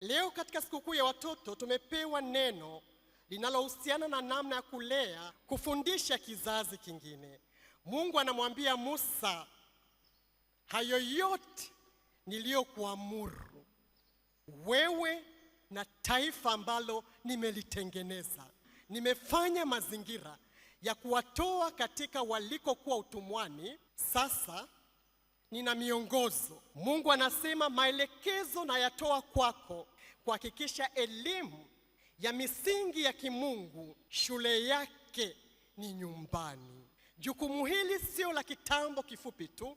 Leo katika sikukuu ya watoto tumepewa neno linalohusiana na namna ya kulea, kufundisha kizazi kingine. Mungu anamwambia Musa, hayo yote niliyokuamuru wewe na taifa ambalo nimelitengeneza, nimefanya mazingira ya kuwatoa katika walikokuwa utumwani. Sasa nina miongozo. Mungu anasema maelekezo nayatoa kwako kuhakikisha elimu ya misingi ya kimungu shule yake ni nyumbani. Jukumu hili sio la kitambo kifupi tu,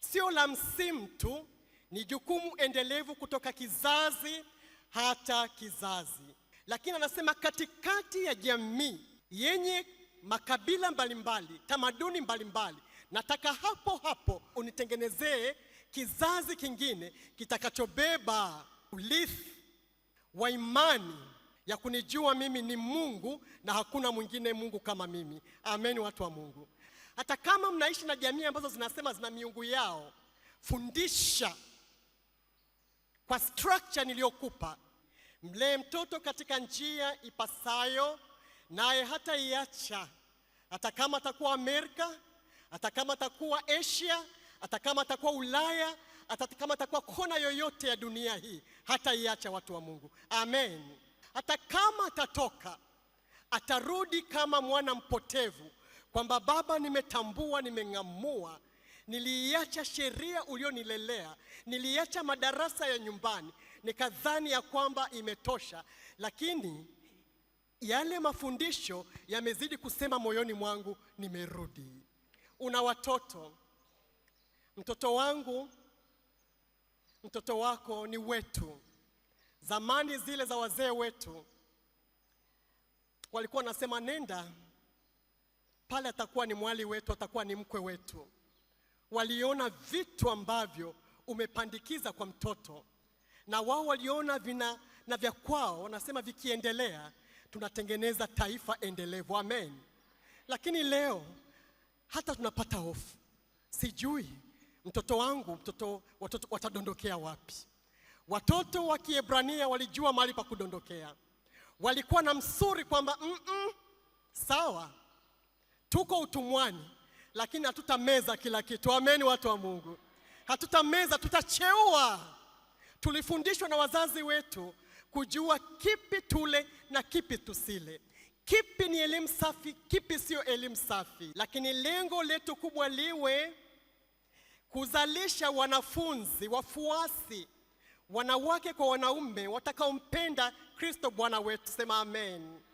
sio la msimu tu, ni jukumu endelevu kutoka kizazi hata kizazi. Lakini anasema katikati ya jamii yenye makabila mbalimbali, tamaduni mbalimbali, nataka hapo hapo unitengenezee kizazi kingine kitakachobeba urithi wa imani ya kunijua mimi ni Mungu na hakuna mwingine Mungu kama mimi. Amen, watu wa Mungu. Hata kama mnaishi na jamii ambazo zinasema zina miungu yao, fundisha kwa structure niliyokupa. Mlee mtoto katika njia ipasayo, naye hata iacha hata kama atakuwa Amerika hata kama atakuwa Asia, hata kama atakuwa Ulaya, hata kama atakuwa kona yoyote ya dunia hii, hata iacha watu wa Mungu. Amen. Hata kama atatoka, atarudi kama mwana mpotevu, kwamba Baba, nimetambua, nimeng'amua niliiacha sheria ulionilelea, niliacha madarasa ya nyumbani, nikadhani ya kwamba imetosha, lakini yale mafundisho yamezidi kusema moyoni mwangu, nimerudi una watoto, mtoto wangu, mtoto wako ni wetu. Zamani zile za wazee wetu walikuwa wanasema nenda pale, atakuwa ni mwali wetu, atakuwa ni mkwe wetu. Waliona vitu ambavyo umepandikiza kwa mtoto, na wao waliona vina na vya kwao, wanasema vikiendelea tunatengeneza taifa endelevu. Amen. Lakini leo hata tunapata hofu, sijui mtoto wangu mtoto, watoto watadondokea wapi? Watoto wa Kiebrania walijua mahali pa kudondokea, walikuwa na msuri kwamba mm -mm, sawa, tuko utumwani, lakini hatutameza kila kitu. Ameni watu wa Mungu, hatutameza, tutacheua. Tulifundishwa na wazazi wetu kujua kipi tule na kipi tusile kipi ni elimu safi, kipi siyo elimu safi, lakini lengo letu kubwa liwe kuzalisha wanafunzi, wafuasi, wanawake kwa wanaume watakaompenda Kristo Bwana wetu. Sema amen.